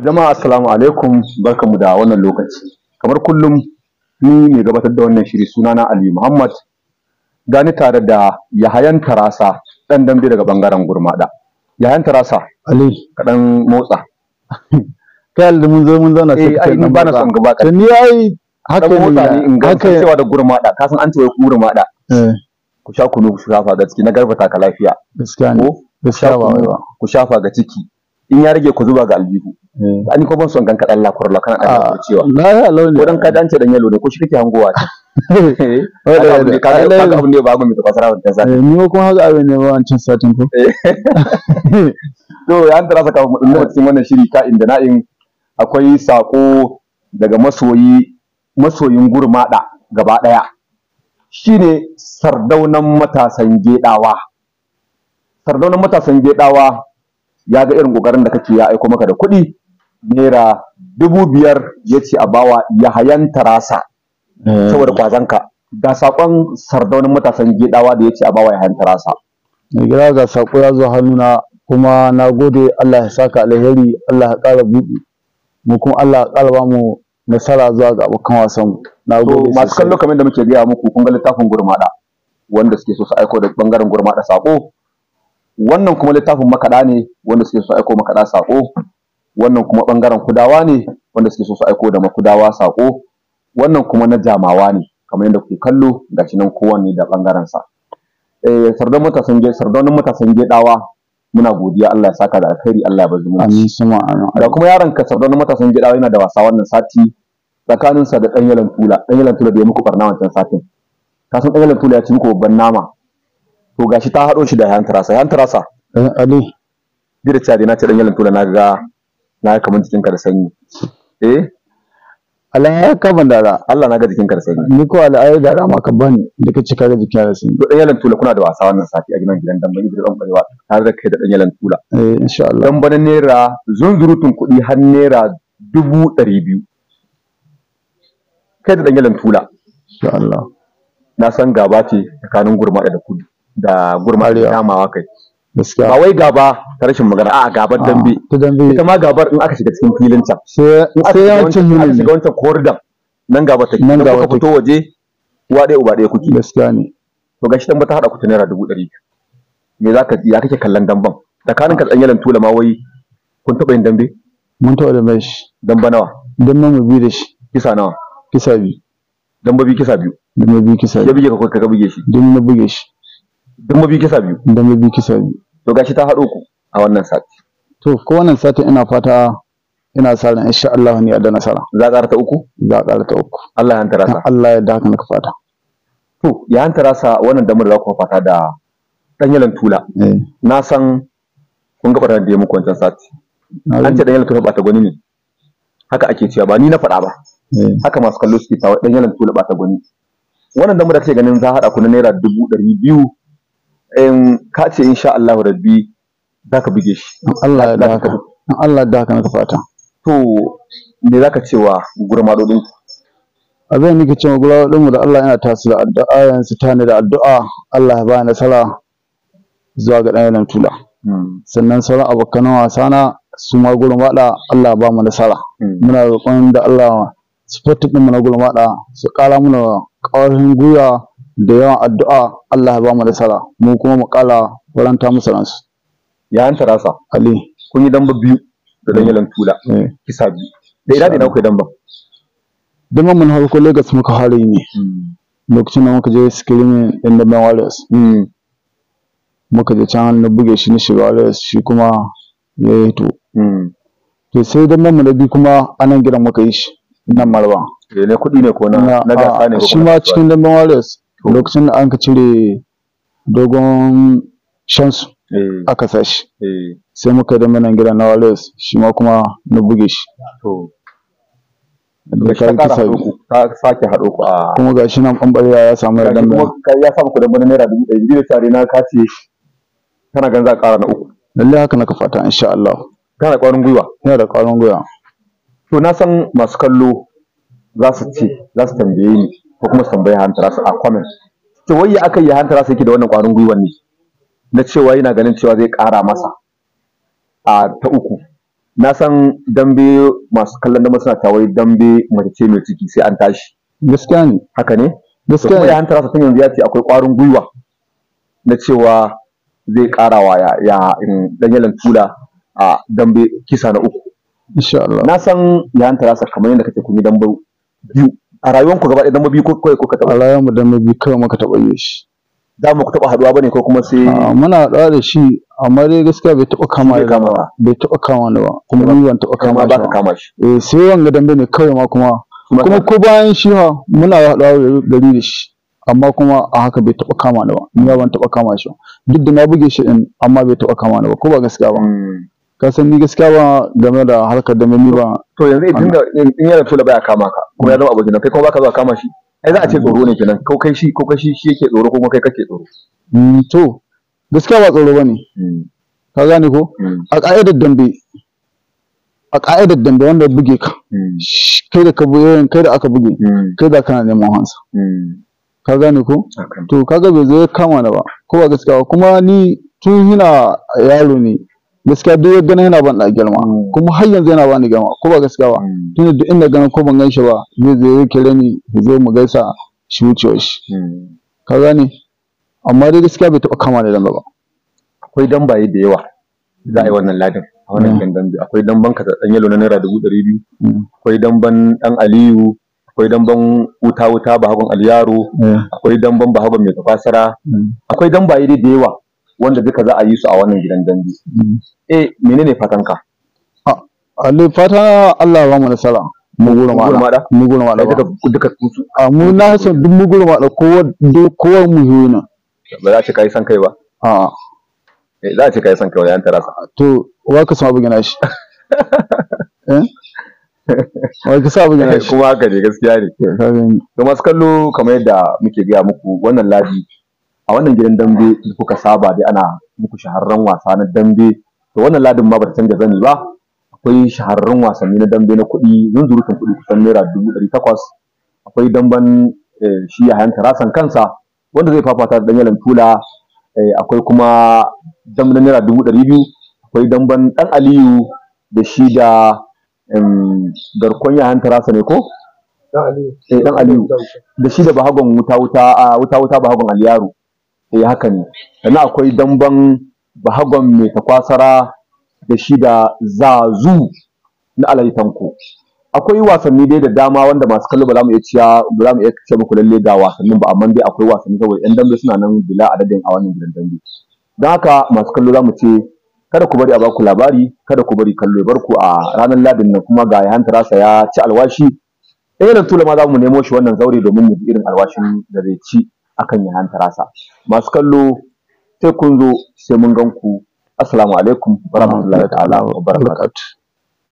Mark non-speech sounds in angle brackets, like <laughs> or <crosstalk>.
Jama'a assalamu alaikum barkamu da wannan lokaci. Kamar kullum ni ne gabatar da wannan shiri sunana Ali Muhammad gani tare da Yahayan Tarasa dan dambe daga bangaren Gurmada. Yahayan Tarasa Ali ka dan motsa. <laughs> Kai Ali mun zo mun zauna sai eh, kai ba na son gaba ka. Ni ai haka ne in ga cewa da Gurmada ka san an ce Gurmada. Eh. Ku sha kunu ku shafa ga ciki na garbata ka lafiya. Gaskiya ne. Gaskiya ku shafa ga ciki in ya rage ku zuba ga aljihu. Eh. an ko ban son ganka dan lakur la kana da ah, cewa na ya launi ko dan ka dan ce dan yalo ne ko shi kake hangowa ta ka ga abu ne ba gumi ta fasara za ka eh, ni ko kuma haka abin ne ba an cin satin ko eh. <laughs> to an tarasa ka mu dinga cikin wannan shiri ka inda in? akwai sako daga masoyi masoyin gurmada gaba daya shine sardaunan matasan gedawa sardaunan matasan gedawa ya ga irin kokarin da kake ya aiko maka da kuɗi naira dubu biyar ya ce a bawa yahayan tarasa eh. saboda kwazanka ga sakon sardaunin matasan gidawa da ya ce a bawa yahayan tarasa mai gida ga sako ya zo hannuna kuma na gode Allah ya saka alheri Allah ya ƙara buɗi mu kuma Allah ya ƙara ba mu nasara zuwa ga abokan wasan mu na gode masu kallo kamar da muke gaya muku kun ga littafin gurmada wanda suke so su aiko da bangaren gurmada sako wannan kuma littafin makaɗa ne wanda suke so su aiko makaɗa sako wannan kuma ɓangaren kudawa ne wanda suke so su aiko da makudawa sako. wannan kuma na jamawa ne kamar yadda kuke kallo gashi nan kowanne da ɓangarensa eh Sardon matasan sardaunin matasan dawa muna godiya Allah ya saka da alkhairi Allah ya bar zumunci amin suma amin da kuma yaron ka sardaunin matasan dawa yana da wasa wannan sati tsakanin sa da dan yalan tula dan yalan tula da ya muku barna wancan satin ka san dan yalan tula ya ci muku babban nama to gashi ta hado shi da yan tarasa yan tarasa eh, ali dirce da na ce dan yalan tula na ga na kamar jikinka da sanyi eh Allah ya kaban dara Allah na ga jikinka da sanyi ni ko Allah ayi dara ma ka bani duka cika ka ga jikinka da sanyi to dan yalan tula kuna da wasa wannan sati a gidan gidan dan ban ibra barewa tare da kai da dan yalan tula eh insha Allah dan bana naira zunzurutun kuɗi har naira dubu ɗari biyu kai da dan yalan tula insha Allah na san gaba ce tsakanin gurma da kudi da gurma da kamawa kai ba wai gaba ta rashin magana a'a gabar dambe ita ma gabar in aka shiga cikin filin can sai ya cin hulun ne wancan kordam nan gaba ta nan gaba take fito waje uwa ɗaya uba ɗaya kuke gaskiya ne to gashi dan ta hada kuta naira dubu ɗari me za ka ya kake kallon damban tsakanin ka tsanyalan tula ma wai kun taɓa yin dambe mun taɓa dambe shi damba nawa damba mu biyu da shi kisa nawa kisa biyu damba biyu kisa biyu damba biyu kisa biyu ya bige ka ka bige shi damba na buge shi Dambe biyu kisa biyu. Dambe biyu kisa biyu. To gashi ta haɗo ku a wannan sati. To ko wannan sati ina fata ina sa ran insha Allah ne da nasara. Za ka ta uku? Za ka ta uku. Allah ya hantara sa. Allah ya da haka naka fata. To ya hantara sa wannan damar za ku fata da danyalan tula. Eh. Na san kun ga fara da muku wancan sati. An ce danyalan tula ba ta gwani ne. Haka ake cewa ba ni na faɗa ba. Eh. Haka masu kallo suke tawa danyalan tula ba ta gwani. Wannan damar da take ganin za a haɗa ku na naira dubu ɗari biyu in ka ce insha Allah rabbi zaka buge shi Allah ya daka Allah ya daka na fata to me za ka zaka cewa gurmadodin abin nake cewa gurmadodin mu da Allah yana tasu da addu'a yansu ne da addu'a Allah ya bani nasara zuwa ga dan tula hmm. sannan sauran abokan wasa na su ma gurmada Allah ba mu nasara hmm. muna roƙon da Allah su fatta mu na gurmada su ƙara mana ƙarfin gwiwa da yawan addu'a Allah ya ba mu nasara mu kuma mu kala waranta musu ransu yayan tarasa ali kun yi damba biyu da yalan tula eh. kisa biyu da ina da ina kai damba damban mun harko Lagos muka fara ne hmm. lokacin da muka je screening din da Warriors hmm. muka je can na buge shi na shi Warriors shi kuma ya yi to hmm. to sai damban mu da biyu kuma anan gidan muka yi shi nan maraba eh, ne kuɗi ne ko na na gasa ne ko shi ma cikin damban Warriors lokacin da ka cire dogon shansu eh. aka sashi eh. sai muka da manan gida na wales shi ma kuma na buge shi sake haɗo ku ah. kuma ga shi nan ɓanɓarewa ya samu yardan mai ya samu kudin bana naira dubu ɗari da tare na kace kana gan za ƙara na uku lallai haka naka fata insha Allah kana da ƙwarin gwiwa yana da ƙwarin gwiwa to na san masu kallo za su ce za su tambaye ni ko kuma su tambayi hantara su a comment to wai ya aka yi hantara su yake da wannan ƙwarin gwiwan ne na cewa yana ganin cewa zai ƙara masa a ta uku na san dambe masu kallon dambe suna tawai dambe mace ce mai ciki sai an tashi gaskiya ne haka ne gaskiya ne hantara su tun yanzu ya ce akwai ƙwarin gwiwa na cewa zai wa ya ya danyalan tula a dambe kisa na uku insha Allah na san ya hantara sa kamar yadda kake kun yi dambe biyu a rayuwar ku gaba ɗaya dan mabi ko kai ka taɓa a rayuwar mu dan mabi kai muka taɓa yi shi da mu ku taɓa haɗuwa bane ko kuma sai muna haɗuwa da shi amma dai gaskiya bai taɓa kama ba bai taɓa kama ni ba kuma ni ban taɓa kama ba kama shi eh sai wanga dambe ne kawai ma kuma kuma ko bayan shi ha muna haɗuwa gari da shi amma kuma a haka bai taɓa kama ni ba ni ban taɓa kama shi duk da na buge shi din amma bai taɓa kama ni ba ko ba gaskiya ba hmm. ka san ni gaskiya ba game da harkar da mami ba to yanzu idan da in yana tula baya kama ka kuma ya zama abokin kai kuma baka zuwa kama shi ai za a ce tsoro ne kenan ko kai shi ko kai shi shi yake tsoro ko kuma kai kake tsoro mm, to gaskiya ba tsoro bane mm. ka gane ko mm. a ka'idar dambe a ka'idar dambe wanda buge ka kai da ka buge eh, kai da aka buge kai da kana neman hansa ka gane ko to kaga bai zo ya kama na ba ko ba gaskiya kuma ni tun yana yaro ne gaskiya duk ya gani yana ban girma kuma har yanzu yana bani girma ko ba gaskiya ba hmm. tunda duk inda ganin ko ban ganshi ba zai zai yi kira ni ya zo mu gaisa shi wucewa shi hmm. ka gane amma dai gaskiya bai taɓa kama da damba ba akwai dambaye da yawa za a yi wannan ladin a wannan hmm. gandan akwai banka da ɗan yalo na naira dubu ɗari biyu akwai damban ɗan aliyu akwai damban wuta wuta bahagon aliyaro akwai damban bahagon mai tafasara akwai dambaye da yawa wanda duka za a yi su a wannan gidan dambe hmm. eh menene fatanka Ali fata Allah ba mu nasara mu gura mada mu mada duka duka su a mu na san duk mu gura mada kowa kowa mu yuna ba za ce kai san kai ba a eh za ta kai san kai wajen tarasa to wa ka samu gina shi <laughs> eh wai ka sa bugan <laughs> kuma haka ne gaskiya ne to masu kallo kamar yadda muke gaya muku wannan Ladi. a wannan gidan dambe da kuka saba dai ana muku shahararren wasa na dambe to wannan ladin ma bata canza zani ba akwai shahararrun wasanni na dambe na kuɗi zunzurutun kuɗi kusan naira dubu ɗari takwas akwai damben eh, shi ya hanta rasan kansa wanda zai fafata da danyalan tula eh, akwai kuma damben naira dubu ɗari biyu akwai damben ɗan aliyu da shi da garkon ya hanta rasa ne ko? Eh, ɗan aliyu da shi da bahagon wuta wuta wuta wuta bahagon aliyaru eh haka ne sannan akwai damban bahagon mai takwasara da shi da zazu na alayi ku. akwai wasanni dai da dama wanda masu kallo ba za mu iya cewa ba za mu iya cewa muku lalle ga wasannin ba amma dai akwai wasanni saboda yan dambe suna nan bila adadin a wannan gidan dambe don haka masu kallo za mu ce kada ku bari a baku labari kada ku bari kallo ya bar ku a ranar ladin nan kuma ga yahan tarasa ya ci alwashi irin eh, tula ma za mu nemo shi wannan zaure domin mu ji irin alwashin da zai ci akan Yayan Tarasa masu kallo sai kun zo sai mun gan ku assalamu alaikum warahmatullahi wa barakatuh